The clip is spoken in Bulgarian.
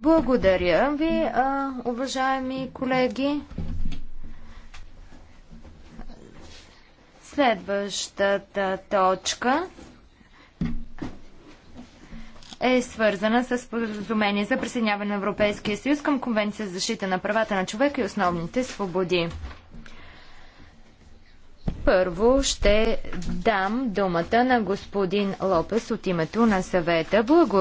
Благодаря ви, уважаеми колеги. Следващата точка е свързана с споразумение за присъединяване на Европейския съюз към Конвенция за защита на правата на човека и основните свободи. Първо ще дам думата на господин Лопес от името на съвета. Благодаря.